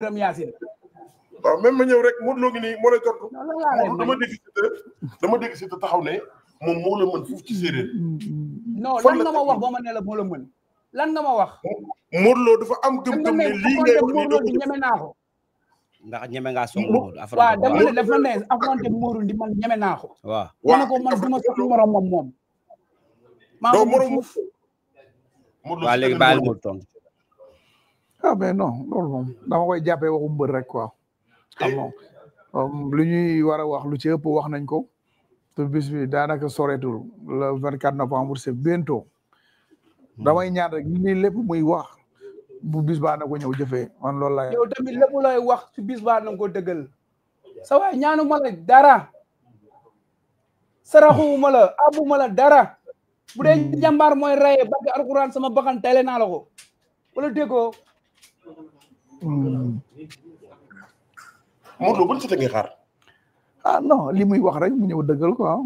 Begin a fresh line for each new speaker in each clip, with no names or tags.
Biram Yacine. waaw même ma ñëw rek Modou Lo ngi nii moo lay tontu.
dama dégg taxaw ne moom moo la mën foofu ci séeréer. non lan nga ma wax ba ma ne la moo la lan nga ma wax. Modou Lo dafa am gëm-gëm ne lii ngay wax nii doo ko ñeme naa ko.
ndax ñeme ngaa soog Modou. waaw dama ne dafa
ne affronté Modou di man ñeme naa ko. waaw ma soog
moromam
ah mais non loolu moom dama koy jàppee waxu mbër rek quoi ah, um, lu ñuy war a wax lu ci ëpp wax nañ ko te daanaka soreetul le vingt quatre novembre c'est bientôt hmm. damay ñaan rek ni lépp muy wax bu bis baa na ko ñëw jëfee man loolu la yow tamit
lépp looy wax ci bis baa na ko dëggal sa waay ñaanu ma la dara saraxu ma la dara bu dee hmm. jàmbaar mooy rayee bagg alquran sama baxan tele naa la ko wala
Hmm.
Modou Lo ban Siteu ngay xaar. ah non li muy wax rek mu ñëw dëggal quoi. Ah.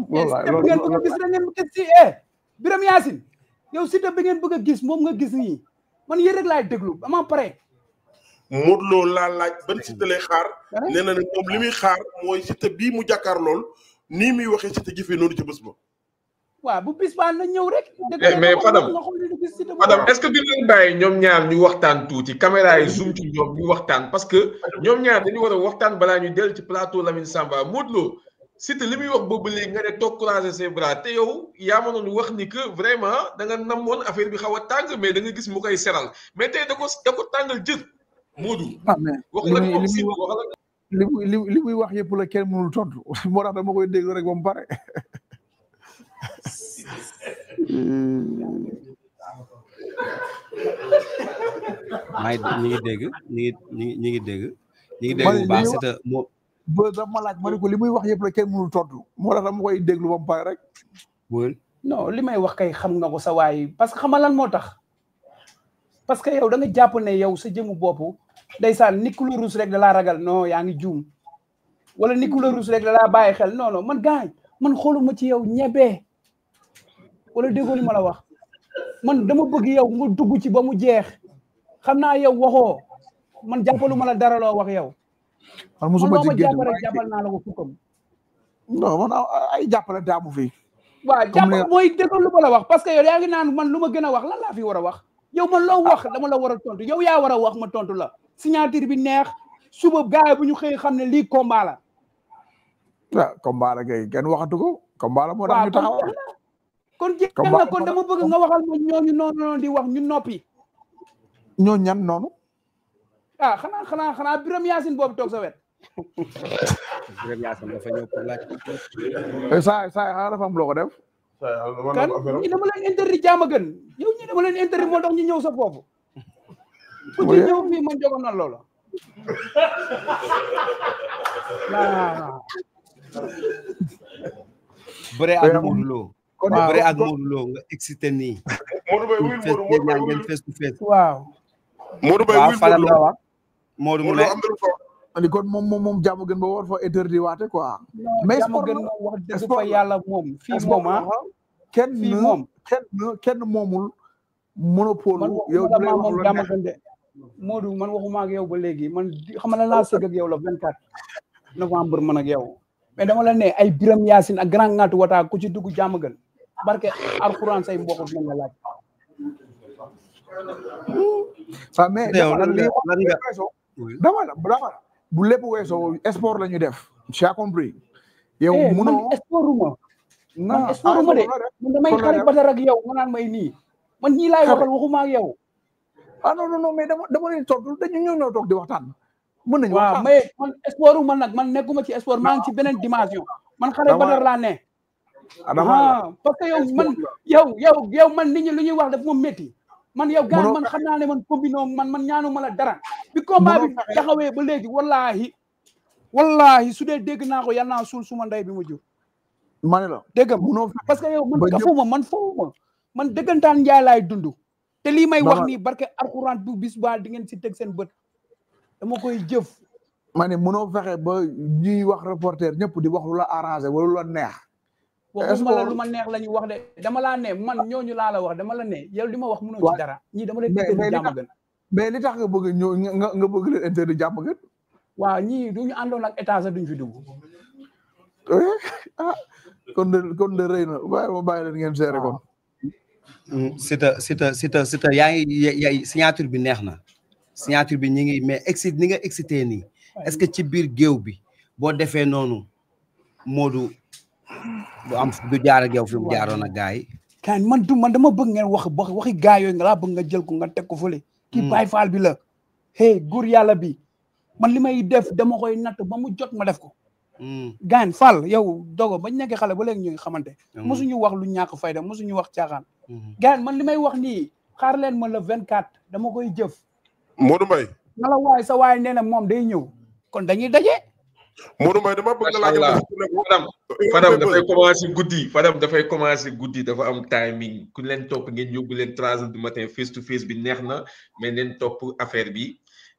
loolu loolu ngeen da ngeen gis si eh. Birame Yacine yow Siteu bi ngeen bëgg a gis moom nga gis nii man yéen rek laay déglu amaa pare. Modou Lo laa
laaj ban Siteu lay xaar. nee na ne moom li muy xaar mooy Siteu bii mu jàkkaar lool nii
muy waxee Siteu jëfee noonu ci bés ba.
waaw bu bis baan na ñëw rek. Eh, mais Fadam
Fadam est-ce
que du leen bàyyi ñoom ñaar ñu waxtaan tuuti caméra yi zoom ci ñoom ñu waxtaan parce que ñoom ñaar dañu war a waxtaan balaa ñu dellu ci plateau Lamine Samba Modou loo Siteu li muy wax boobu léegi nga ne toog croiser ses bras te yow yaa ma doon wax ni vraiment danga nam namoon affaire bi xaw a tàng mais da nga gis mu koy seral mais te da ko da ko tàngal jër Modou. Ah, wax la ko si wax la
li muy wax yëpp la kenn mënul tontu moo tax dama koy déglu rek ba mu pare. maa ngi ñu ngi
dégg ñu ñu ngi
dégg. ñu ngi dégg bu baax c'est moo. ba dafa ma laaj ma ne ko li muy wax yëpp la kenn mënul tontu moo tax dama koy déglu ba mu pare rek. non li may wax kay xam nga ko sa waay parce que xama lan moo tax. parce que yow da nga jàpp ne yow sa jëmu bopp ndeysaan nit ku la rus rek da laa ragal non yaa ngi juum. wala nit ku la rus rek da laa bàyyi xel non non man gaañ man xooluma ci yow ñebe. wala déggoo li ma la wax man dama bëgg yow nga dugg ci ba mu jeex xamna yow waxo man jappalu ma la dara lo wax yow. man mosuma ci génn man jàppal naa la ko fukkam. non man ay jàppale daamu fi. wa jappal moy déglu lu ma la wax parce que yow ya ngi nan man luma gëna wax lan la fi wara wax. yow man lo wax dama la wara tontu yow ya wara wax ma tontu la signature bi neex suba gaay bu ñu xey xamne li combat la.
Ah, combat la gay kenn waxatu ko. combat la mo dañu taxaw
kon jeexal na kon dama bëgg nga waxal ma ñooñu noonu noonu di wax ñu noppi. ñoo ñan noonu. ah xanaa xanaa xanaa Biram Yaasin boobu toog sa wet. Biram Yaasin dafa ñëw pour laaj. Eh, saa saa
xanaa dafa am loo ko def.
kan ñi dama leen interdit jaama gën yow ñi dama leen interdit moo tax ñu ñëw sa foofu. ku ci ñëw fii man jogoon na loola. Nah, nah, nah.
bëre ak Modou kon bëre ak Modou Lo nga excité nii. Modou Mbaye wuy Modou Modou Mbaye la wax. Modou mu ne.
ani kon moom moom moom jàmm gën ba war fa interdit waate quoi. mais sport gën wax dëgg fa yàlla
moom. fii moom ah kenn fii moom kenn kenn moomul monopole. yow du lay wax de. Modou man waxuma ak yow ba léegi man xam nga laa sëgg ak yow la 24 novembre man ak yow. mais dama la ay Biram Yaasin a Grand Ngatou Wata ku ci barke alxuraan say mbokk dinañ la laaj.
waaw mais dama la dama la bu lépp weesoo sport la ñu def. tu as compris. yow eh, munoo man
sportuma. man ah, sportuma de man damay xarit Badara yow nga naan may nii man ñii laay waxal waxuma ak yow. ah non non non mais dama dama leen toog di waxtaan. mën nañu waxtaan waaw mais man sportuma nag man nekkuma ci sport maa ngi ci beneen dimension. man xarit Badara laa
adama
parce que yow man yow yow yow man nit ñi lu ñuy wax daf ma man yow gars man xam ne man combino man man ñaanuma la dara bi combat bi taxawé ba légui wallahi wallahi su dé dégg naa ko yal naa suma nday bi mu jur mané la dégg am mëno parce que yow man kafuma man fawuma man dëggantaan njaay lay dundu, té li may wax ni barké alcorane bu bis di ngeen ci teg sen bët dama koy
jëf mané mëno fexé ba ñuy wax reporter ñëpp di wax lu la wala lu neex
waxuma la lu ma neex la ñuy wax de dama laa ne man ñooñu laa la wax dama la ne yow li ma wax mënoo ci dara
ñii dama leen tuddee jàmm gën mais li tax nga bëgg ñëw nga nga bëgg leen interdit jàmm gën waaw ñii duñu àndoon ak état sax duñu fi dugg eh? ah kon de kon de rëy na waaye ma bàyyi leen ngeen seere kon sita sita
sita sita yaa ngi yaay signature bi neex na signature bi ñi ngi mais excite ni nga excité nii est-ce que ci biir géew bi boo defee noonu Modou du am du jaar ak yow fi mu a ak gars yi. man du man dama bëgg ngeen wax wax waxi gars yooyu nga laa bëgg nga jël ko nga teg ko fële. kii hmm. Baay Faal bi la. hey góor yàlla bi man li may def dama koy natt ba mu jot ma def ko. Hmm. gaan Fall yow dogo bañ nekk xale ba léegi ñu ngi xamante. Hmm. mosuñu wax lu ñàkk fayda mosuñu wax caaxaan. gaan man li may wax nii xaar leen ma le 24 dama koy jëf. Modou Mbaye. na la waay sa waay nee na moom day ñëw kon dañuy daje.
Modou a dama bëgg laaj Fadam Fadam dafay commencé guddi Fadam dafay commencé guddi dafa am timing ku leen topp ngeen yóbbu leen trois du matin face to face bi neex na mais leen topp affaire bi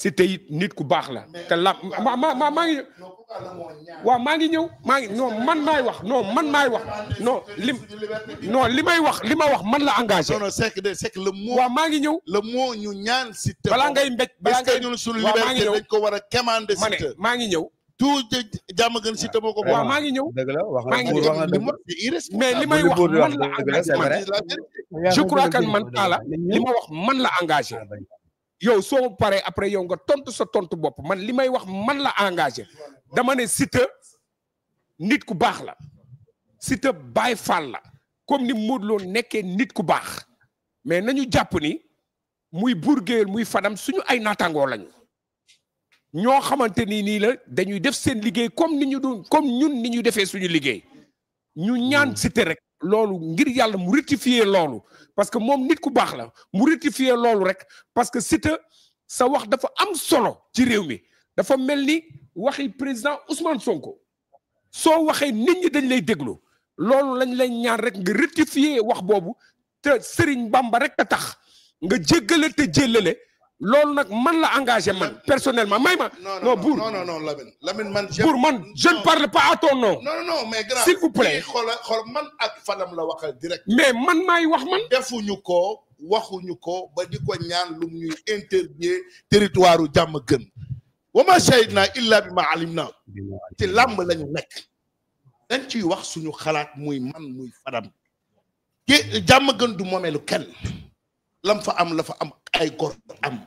Siteu it nit ku baax la te la ma ma ma maa ngi waaw maa ngi ñëw maa ngi non man maay wax non man maay wax non lim non li may wax li ma wax man la engagé. non non c'est que c'est que maa ngi ñëw le mot ñu ñaan Siteu. balaa ngay mbéj balaa ngay ñun suñu liberté dañ ko war a commander Siteu maa ngi ñëw. tout jàmm gën Siteu moo ko. waa maa ngi ñëw
dëgg la wax maa ngi ñëw
mais li may wax man la engagé man
je crois li ma wax
man la engagé. Ah, yow so paree après yow nga tontu sa tontu bop man li wax man la engager dama né Siteu nit ku bax la Siteu Baay Faal la comme ni modlo Lo nit ku bax mais nañu japp ni muy Bour muy Fadam suñu ay natango lañu ñoo xamanteni ni la dañuy def sen liggéey comme ni ñu doon comme ñun ni ñu défé suñu liggéey ñu ñaan Siteu rek loolu ngir yàlla mu rectifier loolu parce que moom nit ku baax la mu rectifier loolu rek parce que ta sa wax dafa am solo ci réew mi dafa mel ni waxi président Ousmane Sonko soo waxee nit ñi dañ lay déglu loolu lañ lay ñaan rek nga rectifier wax boobu te Serigne Bamba rek a tax nga jéggale te jëllale loolu personnel man la engagé man personnellement non non non non Lamine man. je ne parle pas à ton nom. non non mais grave. s'il vous plaît. mais man may wax man. defuñu ko waxuñu ko ba ñaan territoire jàmm gën. wa ma illa bima alimna lañu nek dañ ci wax suñu xalaat muy man muy du momelu kenn. lam fa am la fa am ay am.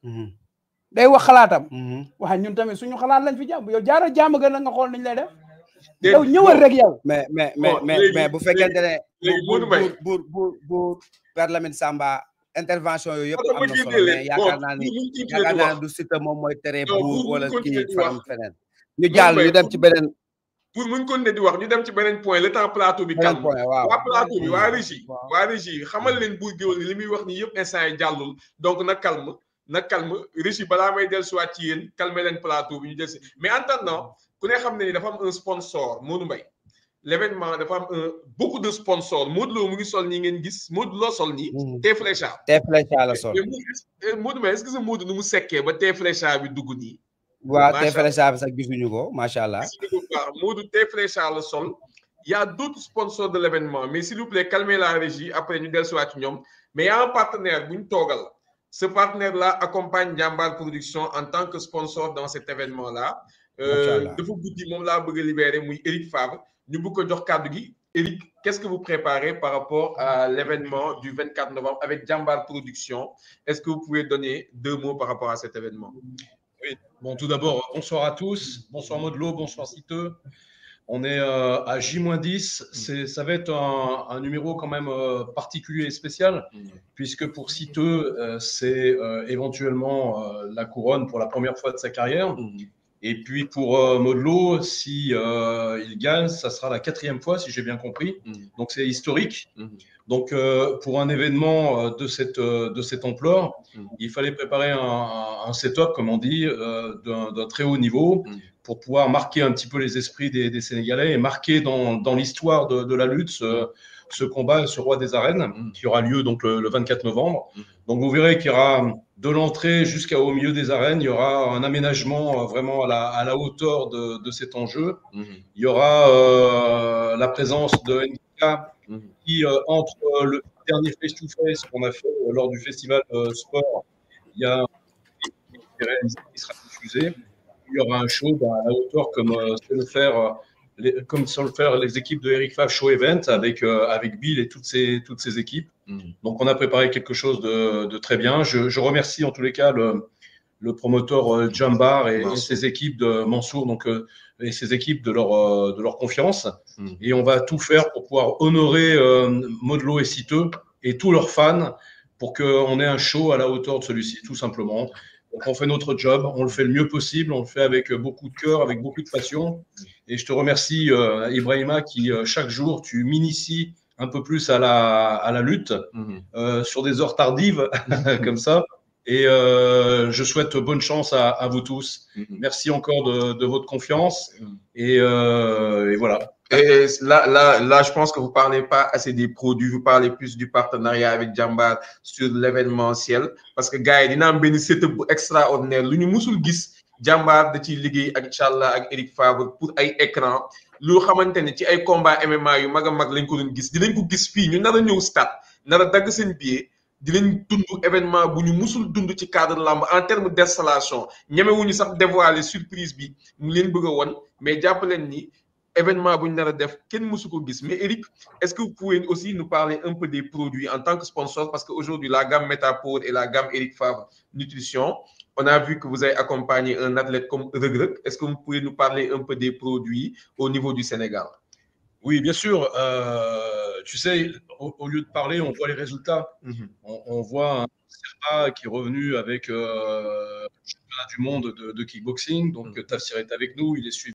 Mm-hmm. day wax xalaatam. Mm-hmm. waaye ñun tamit suñu xalaat lañ fi jàmm yow jaara jàmm gën la nga xool niñ lay def. yow ñëwal rek yow. mais mais mais mais bu fekkente ne. léegi buur buur buur buur Père Lamine Samba intervention
yooyu yëpp am na solo mais yaakaar naa ni yaakaar naa ne du
Siteu moom mooy tere buur wala kii feneen.
ñu jàll ñu dem ci beneen. pour muñ ko ne di wax ñu dem ci beneen point le temps plateau bi. calme waa plateau bi waa régie. xamal leen buur géwél ni li muy wax ni yëpp instant yi jàllul donc na calme. na calme riche bala may del soit ci calmer len plateau bi ñu mais en attendant ku ne xamné ni dafa am un sponsor Modou mbay l'événement dafa am un beaucoup de sponsors Modou Lo mu ngi sol ni ngeen gis Modou Lo sol ni mm-hmm. T Flecha. T Flecha la sol mais Modou est ce que ce Modou nu mu sekkee ba T Flecha bi dugg ni wa T Flecha
bi sax gisuñu ko machallah
allah. Modou T la sol. y' a d'autres sponsors de l'événement. mais s'il vous plaît calmez la régie après ñu del soit ci ñoom mais y' a un partenaire buñ togal ce partenaire-là accompagne Jambar Production en tant que sponsor dans cet événement-là. Je vous dis, mon bëgg libéré Eric Favre Nous bëgg ko jox Eric qu'est-ce que vous préparez par rapport à l'événement du 24 novembre avec Jambar Production est-ce que vous pouvez donner deux mots par rapport à cet événement
oui bon tout d'abord bonsoir à tous bonsoir Modelo bonsoir Citeux on est euh, à J-10, mm. ça va être un, numéro quand même euh, particulier et spécial, mm. puisque pour Citeux, euh, c'est éventuellement la couronne pour la première fois de sa carrière. Mm. Et puis pour euh, Modelo, si euh, il gagne, ça sera la quatrième fois, si j'ai bien compris. Mhm. Donc c'est historique. Mhm. Donc euh, pour un événement de cette de cette ampleur, mhm. il fallait préparer un, setup, comme on dit, d'un très haut niveau pour pouvoir marquer un petit peu les esprits des, Sénégalais et marquer dans, dans l'histoire de, la lutte ce combat, ce roi des arènes, mm. qui aura lieu donc le, 24 novembre. Mm. Donc vous verrez qu'il y aura de l'entrée jusqu'au milieu des arènes, il y aura un aménagement euh, vraiment à la, hauteur de, cet enjeu. Mm. Il y aura euh, la présence de NK qui, euh, entre le dernier face-to-face qu'on a fait lors du festival sport, il y a qui sera diffusé. Il y aura un show bah, à la hauteur comme c'est le faire comme sur le faire les équipes de Eric Favre Show Event avec, euh, avec Bill et toutes ces, toutes ces équipes. Mm. Donc, on a préparé quelque chose de, très bien. Je, remercie en tous les cas le, promoteur euh, Jambar et, ses équipes de Mansour donc, euh, et ses équipes de leur, de leur confiance. Mm. Et on va tout faire pour pouvoir honorer Modelo et Citeux et tous leurs fans pour qu'on ait un show à la hauteur de celui-ci, tout simplement. Donc on fait notre job, on le fait le mieux possible, on le fait avec beaucoup de cœur, avec beaucoup de passion. Et je te remercie, euh, Ibrahima, qui euh, chaque jour, tu m'inities un peu plus à la, à la lutte, mhm. euh, sur des heures tardives, comme ça. Et euh, je souhaite bonne chance à, vous tous. Mhm. Merci encore de, votre confiance. Et, voilà. Et là, là, là, je pense
que vous parlez pas assez des produits, vous parlez plus du partenariat avec Jambar sur l'événementiel. Parce que, gars, il y a un extraordinaire. L'Union jàmbaar da ciy liggéey ak incha allah ak Eric Favre pour ay écran lu xamante ne ci ay combat MMA yu mag a mag lañ ko doon gis dinañ ko gis fii ñu nar a ñëw stade nara dagg seen billet dinañ dund événement bu ñu musul dund ci cadre làmb en terme d' installation ñemewuñu sax dévoiler surprise bi leen bëgg woon mais jàppaleen leen ni. événement bu ñu def Ken mais Eric est-ce que vous pouvez aussi nous parler un peu des produits en tant que sponsor parce qu'aujourd'hui, la gamme Metapod et la gamme Eric Favre Nutrition on a vu que vous avez accompagné un athlète comme Reug est-ce que vous pouvez nous parler un peu des produits au niveau du Sénégal
Oui bien sûr euh, tu sais au, lieu de parler on voit les résultats mhm. on, voit un Serpa qui est revenu avec euh, du monde de, kickboxing donc mhm. Tafsir est avec nous il est suivi